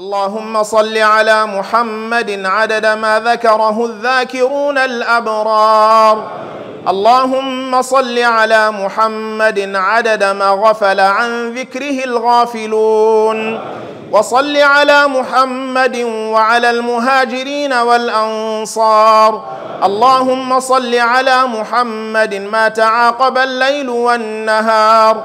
اللهم صل على محمد عدد ما ذكره الذاكرون الابرار اللهم صل على محمد عدد ما غفل عن ذكره الغافلون وصل على محمد وعلى المهاجرين والانصار اللهم صل على محمد ما تعاقب الليل والنهار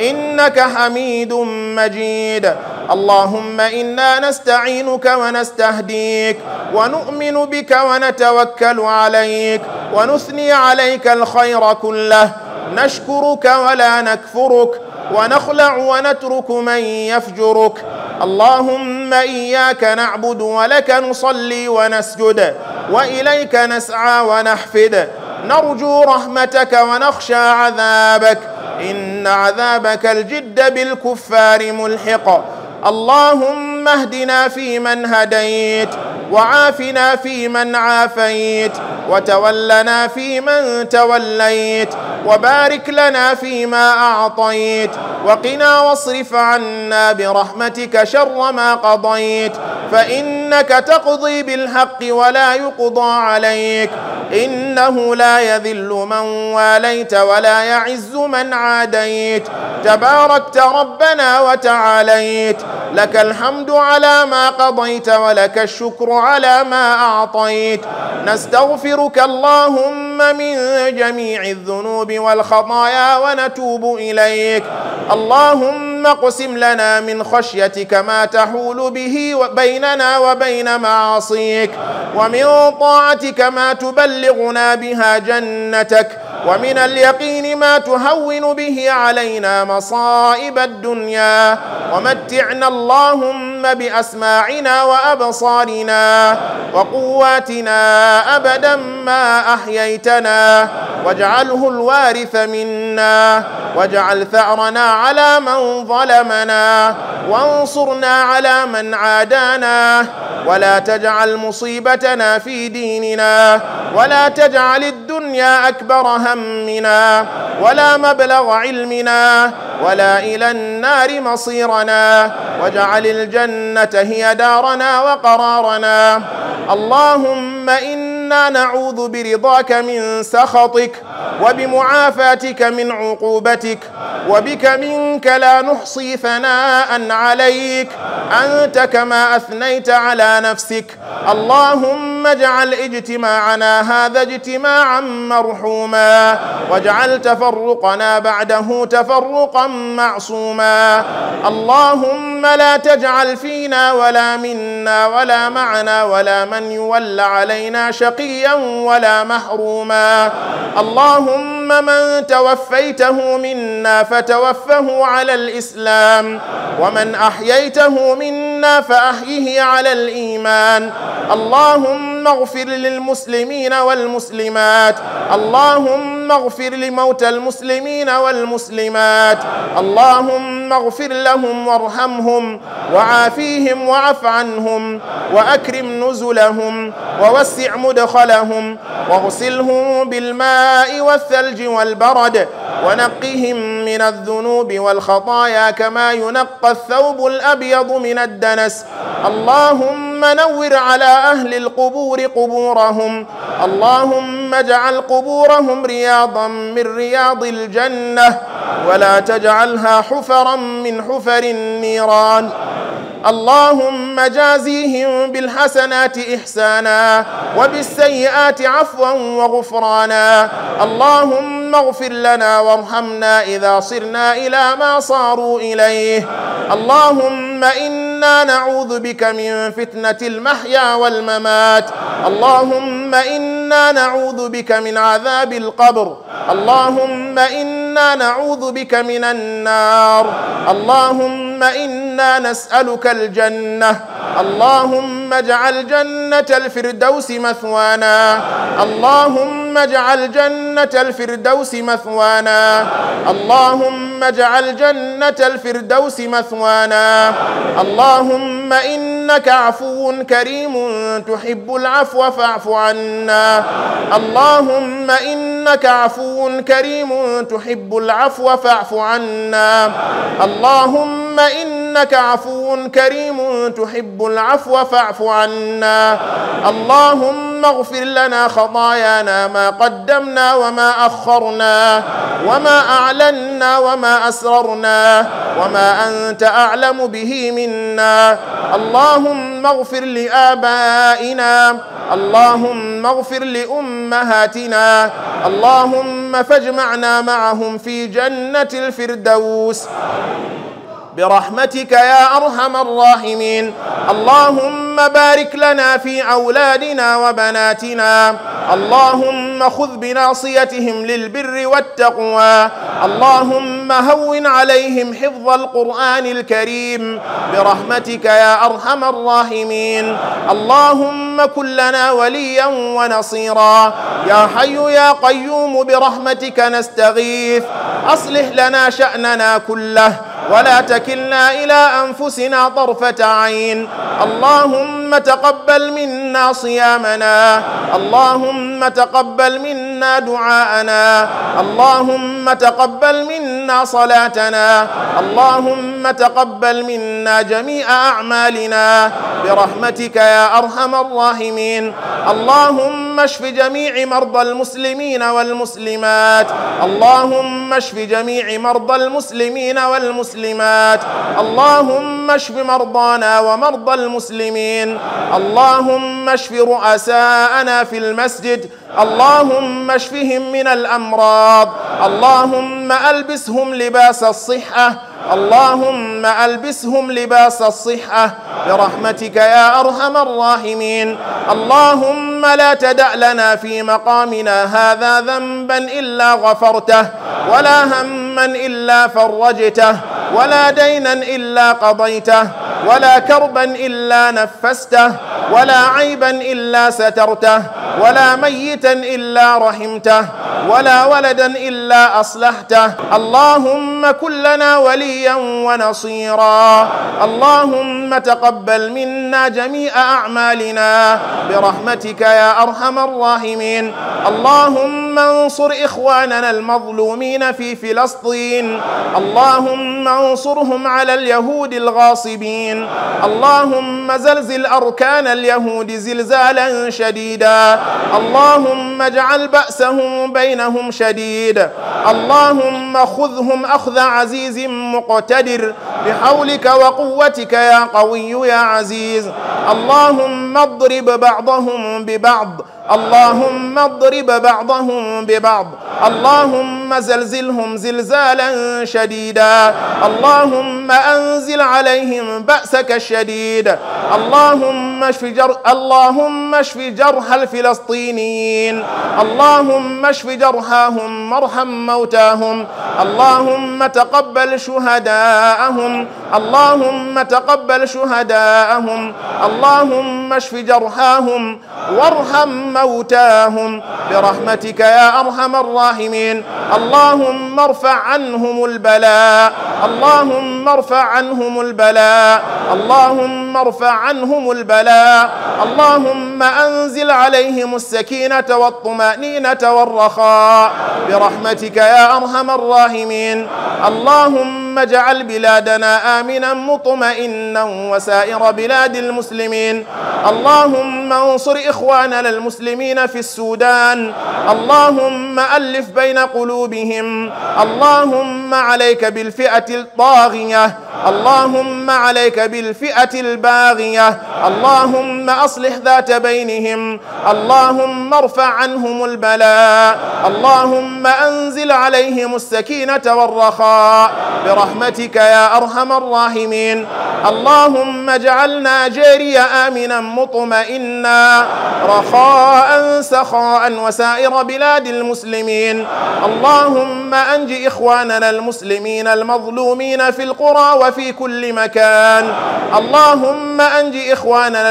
إنك حميد مجيد اللهم إنا نستعينك ونستهديك ونؤمن بك ونتوكل عليك ونثني عليك الخير كله نشكرك ولا نكفرك ونخلع ونترك من يفجرك اللهم إياك نعبد ولك نصلي ونسجد وإليك نسعى ونحفد نرجو رحمتك ونخشى عذابك إن عذابك الجد بالكفار ملحق اللهم اهدنا فيمن هديت وعافنا فيمن عافيت وتولنا فيمن توليت وبارك لنا فيما أعطيت وقنا واصرف عنا برحمتك شر ما قضيت فإنك تقضي بالحق ولا يقضى عليك إنه لا يذل من واليت ولا يعز من عاديت تباركت ربنا وتعاليت لك الحمد على ما قضيت ولك الشكر على ما أعطيت نستغفرك اللهم من جميع الذنوب والخطايا ونتوب إليك اللهم اقسم لنا من خشيتك ما تحول به بيننا وبين معاصيك ومن طاعتك ما تبلغنا بها جنتك ومن اليقين ما تهون به علينا مصائب الدنيا ومتعنا اللهم بأسماعنا وأبصارنا وقواتنا أبدا ما أحييتنا واجعله الوارث منا واجعل ثأرنا على من ظلمنا وانصرنا على من عادانا ولا تجعل مصيبتنا في ديننا ولا تجعل الدنيا أكبرها همنا ولا مبلغ علمنا ولا إلى النار مصيرنا واجعل الجنة هي دارنا وقرارنا اللهم إنا نعوذ برضاك من سخطك وبمعافاتك من عقوبتك وبك منك لا نحصي ثناء عليك أنت كما أثنيت على نفسك اللهم اجعل اجتماعنا هذا اجتماعا مرحوما واجعل تفرقنا بعده تفرقا معصوما اللهم لا تجعل فينا ولا منا ولا معنا ولا من يولى علينا شقيا ولا محروما اللهم اللهم من توفيته منا فتوفه على الإسلام ومن أحييته منا فأحيه على الإيمان اللهم اللهم اغفر للمسلمين والمسلمات اللهم اغفر لموتى المسلمين والمسلمات اللهم اغفر لهم وارحمهم وعافيهم وعف عنهم وأكرم نزلهم ووسع مدخلهم واغسلهم بالماء والثلج والبرد ونقهم من الذنوب والخطايا كما ينقى الثوب الابيض من الدنس اللهم نور على اهل القبور قبورهم اللهم اجعل قبورهم رياضا من رياض الجنه ولا تجعلها حفرا من حفر النيران اللهم جازيهم بالحسنات احسانا وبالسيئات عفوا وغفرانا اللهم اللهم اغفر لنا وارحمنا إذا صرنا إلى ما صاروا إليه اللهم إنا نعوذ بك من فتنة المحيا والممات اللهم إنا نعوذ بك من عذاب القبر اللهم اللهم إنا نعوذ بك من النار اللهم إنا نسألك الجنة اللهم اجعل جنة الفردوس مثوانا اللهم اجعل جنة الفردوس مثوانا اللهم اجعل جنة الفردوس مثوانا اللهم إنا إنك عفو كريم تحب العفو فاعف عنا اللهم إنك عفو كريم تحب العفو فاعف عنا اللهم إن إنك عفو كريم تحب العفو فاعف عنا اللهم اغفر لنا خطايانا ما قدمنا وما أخرنا وما أعلنا وما أسررنا وما أنت أعلم به منا اللهم اغفر لآبائنا اللهم اغفر لأمهاتنا اللهم فاجمعنا معهم في جنة الفردوس برحمتك يا أرحم الراحمين اللهم بارك لنا في أولادنا وبناتنا اللهم خذ بناصيتهم للبر والتقوى اللهم هون عليهم حفظ القرآن الكريم برحمتك يا أرحم الراحمين اللهم كن لنا وليا ونصيرا يا حي يا قيوم برحمتك نستغيث أصلح لنا شأننا كله ولا تكلنا إلى أنفسنا طرفة عين اللهم اللهم تقبل منا صيامنا اللهم تقبل منا دعاءنا اللهم تقبل منا صلاتنا اللهم تقبل منا جميع أعمالنا برحمتك يا أرحم الراحمين اللهم اشف جميع مرضى المسلمين والمسلمات اللهم اشف جميع مرضى المسلمين والمسلمات اللهم اشف مرضانا ومرضى المسلمين اللهم اشف رؤساءنا في المسجد اللهم اشفهم من الأمراض اللهم ألبسهم لباس الصحة اللهم ألبسهم لباس الصحة برحمتك يا أرحم الراحمين اللهم لا تدع لنا في مقامنا هذا ذنبا إلا غفرته ولا هما إلا فرجته ولا دينا إلا قضيته ولا كربا إلا نفسته ولا عيبا إلا سترته ولا ميتا إلا رحمته ولا ولدا إلا أصلحته اللهم كلنا وليا ونصيرا اللهم تقبل منا جميع أعمالنا برحمتك يا أرحم الراحمين اللهم انصر إخواننا المظلومين في فلسطين اللهم انصرهم على اليهود الغاصبين العالمين اللهم زلزل أركان اليهود زلزالا شديدا اللهم اجعل بأسهم بينهم شديد اللهم خذهم أخذ عزيز مقتدر بحولك وقوتك يا قوي يا عزيز اللهم اضرب بعضهم ببعض اللهم اضرب بعضهم ببعض اللهم زلزلهم زلزالا شديدا اللهم انزل عليهم بأس بأسك الشديد اللهم اشف جر اللهم اشف جرح الفلسطينيين اللهم اشف جرحاهم وارحم موتاهم اللهم تقبل شهداءهم اللهم تقبل شهداءهم اللهم اشف جرحاهم وارحم موتاهم برحمتك يا ارحم الراحمين اللهم ارفع عنهم البلاء اللهم ارفع عنهم البلاء اللهم ارفع عنهم البلاء اللهم انزل عليهم السكينه والطمانينه والرخاء برحمتك يا ارحم الراحمين اللهم اجعل بلادنا آمين آمنا مطمئنا وسائر بلاد المسلمين اللهم انصر إخواننا المسلمين في السودان اللهم ألف بين قلوبهم اللهم عليك بالفئة الطاغية اللهم عليك بالفئة الباغية اللهم أصلح ذات بينهم اللهم ارفع عنهم البلاء اللهم أنزل عليهم السكينة والرخاء برحمتك يا أرحم الراحمين اللهم اجعلنا جاري آمنا مطمئنا رخاء سخاء وسائر بلاد المسلمين اللهم أنج إخواننا المسلمين المظلومين في القرى وفي كل مكان اللهم أنج إخواننا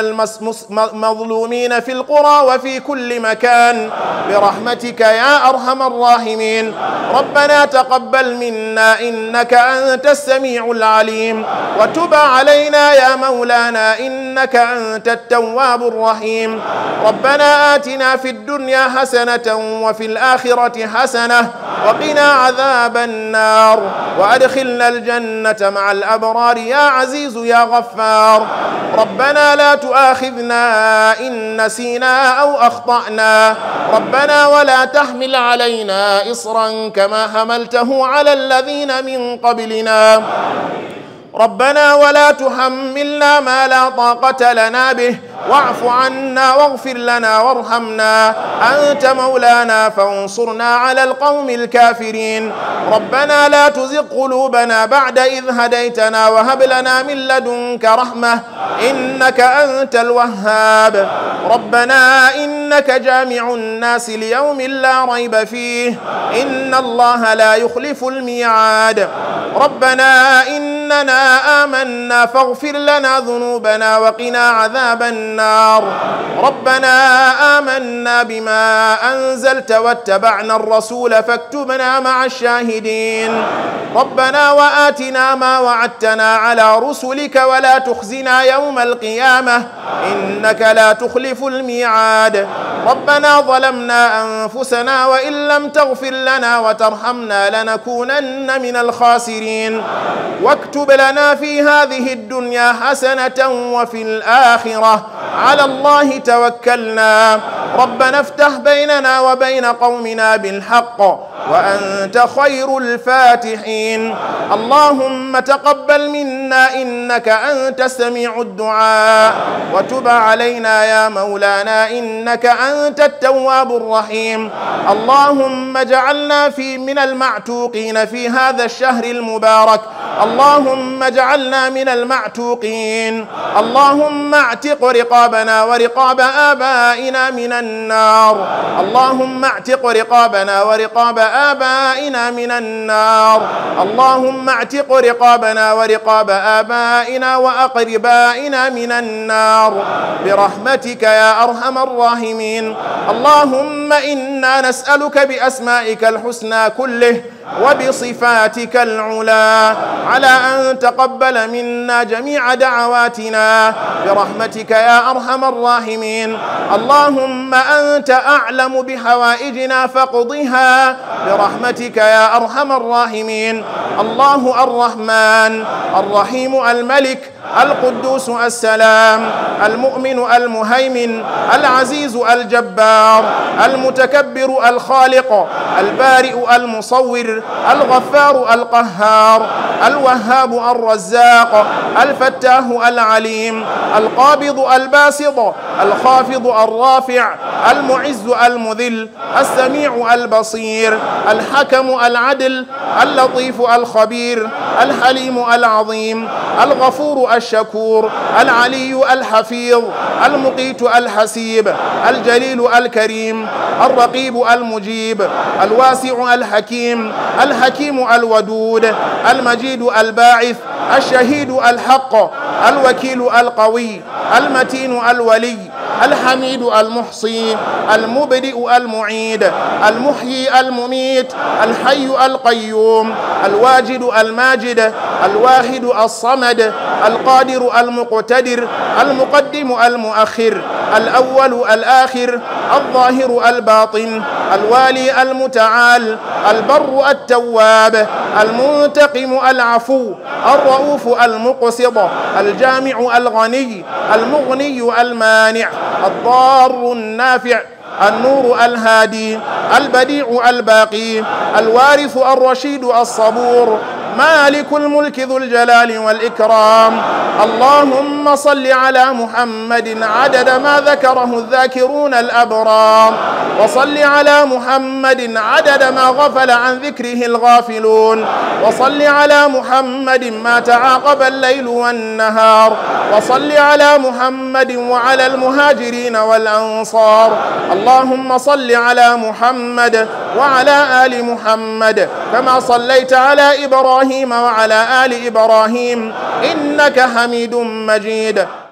المظلومين في القرى وفي كل مكان برحمتك يا أرحم الراحمين ربنا تقبل منا إنك أنت السميع العليم وتب علينا يا مولانا إنك أنت التواب الرحيم ربنا آتنا في الدنيا حسنة وفي الآخرة حسنة وقنا عذاب النار وأدخلنا الجنة مع الأخير الأبرار يا عزيز يا غفار ربنا لا تؤاخذنا إن نسينا أو أخطأنا ربنا ولا تحمل علينا إصرا كما حملته على الذين من قبلنا ربنا ولا تحملنا ما لا طاقة لنا به واعف عنا واغفر لنا وارحمنا أنت مولانا فانصرنا على القوم الكافرين ربنا لا تزغ قلوبنا بعد إذ هديتنا وهب لنا من لدنك رحمة إنك أنت الوهاب ربنا إنك جامع الناس ليوم لا ريب فيه إن الله لا يخلف الميعاد ربنا إننا آمنا فاغفر لنا ذنوبنا وقنا عذاب النار النار ربنا آمنا بما أنزلت واتبعنا الرسول فاكتبنا مع الشاهدين ربنا وآتنا ما وعدتنا على رسلك ولا تخزنا يوم القيامة إنك لا تخلف الميعاد ربنا ظلمنا أنفسنا وإن لم تغفر لنا وترحمنا لنكونن من الخاسرين واكتب لنا في هذه الدنيا حسنة وفي الآخرة على الله توكلنا ربنا افتح بيننا وبين قومنا بالحق وأنت خير الفاتحين اللهم تقبل منا إنك أنت السميع الدعاء وتب علينا يا مولانا إنك أنت التواب الرحيم اللهم اجعلنا في من المعتوقين في هذا الشهر المبارك اللهم اجعلنا من المعتوقين اللهم اعتق رقابنا ورقاب آبائنا من النار اللهم اعتق رقابنا ورقاب آبائنا آبائنا من النار اللهم اعتق رقابنا ورقاب آبائنا وأقربائنا من النار برحمتك يا أرحم الراحمين اللهم إنا نسألك بأسمائك الحسنى كله وبصفاتك العلا على أن تقبل منا جميع دعواتنا برحمتك يا أرحم الراحمين اللهم أنت أعلم بحوائجنا فاقضها برحمتك يا أرحم الراحمين الله الرحمن الرحيم الملك القدوس السلام المؤمن المهيمن العزيز الجبار المتكبر الخالق البارئ المصور الغفار القهار الوهاب الرزاق الفتاه العليم القابض الباسط الخافض الرافع المعز المذل السميع البصير الحكم العدل اللطيف الخبير الحليم العظيم الغفور الشكور العلي الحفيظ المقيت الحسيب الجليل الكريم الرقيب المجيب الواسع الحكيم الحكيم الودود المجيد الباعث الشهيد الحق الوكيل القوي المتين الولي الحميد المحصي المبدئ المعيد المحيي المميت الحي القيوم الواجد الماجد الواحد الصمد القادر المقتدر المقدم المؤخر الأول الآخر الظاهر الباطن الوالي المتعال البر التواب المنتقم العفو الرؤوف المقسط الجامع الغني المغني المانع الضار النافع النور الهادي البديع الباقي الوارث الرشيد الصبور مالك الملك ذو الجلال والإكرام اللهم صل على محمد عدد ما ذكره الذاكرون الأبرام وصل على محمد عدد ما غفل عن ذكره الغافلون وصل على محمد ما تعاقب الليل والنهار وصل على محمد وعلى المهاجرين والأنصار اللهم صل على محمد وعلى آل محمد كما صليت على إبراهيم إبراهيم وعلى آل إبراهيم إنك حميد مجيد